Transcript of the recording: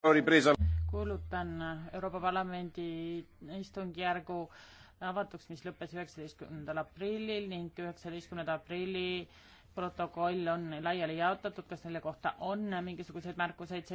kuulutan Euroopa Parlamendi istungjärgu avatuks, mis lõppes üheksateistkümnendal aprillil ning üheksateistkümnenda aprilli protokoll on laiali jaotatud, kas selle kohta on mingisuguseid märkuseid?